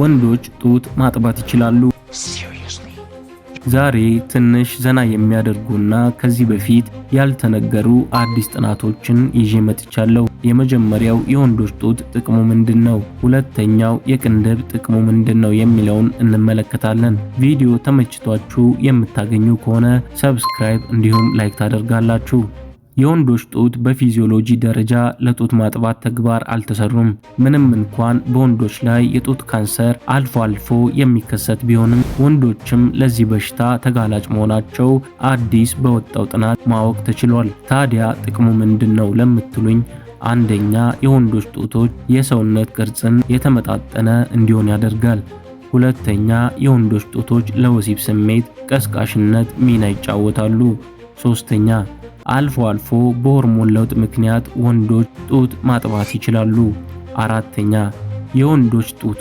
ወንዶች ጡት ማጥባት ይችላሉ። ዛሬ ትንሽ ዘና የሚያደርጉና ከዚህ በፊት ያልተነገሩ አዲስ ጥናቶችን ይዤ መጥቻለሁ። የመጀመሪያው የወንዶች ጡት ጥቅሙ ምንድን ነው? ሁለተኛው የቅንድብ ጥቅሙ ምንድን ነው የሚለውን እንመለከታለን። ቪዲዮ ተመችቷችሁ የምታገኙ ከሆነ ሰብስክራይብ እንዲሁም ላይክ ታደርጋላችሁ። የወንዶች ጡት በፊዚዮሎጂ ደረጃ ለጡት ማጥባት ተግባር አልተሰሩም። ምንም እንኳን በወንዶች ላይ የጡት ካንሰር አልፎ አልፎ የሚከሰት ቢሆንም ወንዶችም ለዚህ በሽታ ተጋላጭ መሆናቸው አዲስ በወጣው ጥናት ማወቅ ተችሏል። ታዲያ ጥቅሙ ምንድን ነው ለምትሉኝ አንደኛ የወንዶች ጡቶች የሰውነት ቅርጽን የተመጣጠነ እንዲሆን ያደርጋል። ሁለተኛ የወንዶች ጡቶች ለወሲብ ስሜት ቀስቃሽነት ሚና ይጫወታሉ። ሶስተኛ አልፎ አልፎ በሆርሞን ለውጥ ምክንያት ወንዶች ጡት ማጥባት ይችላሉ። አራተኛ የወንዶች ጡቶ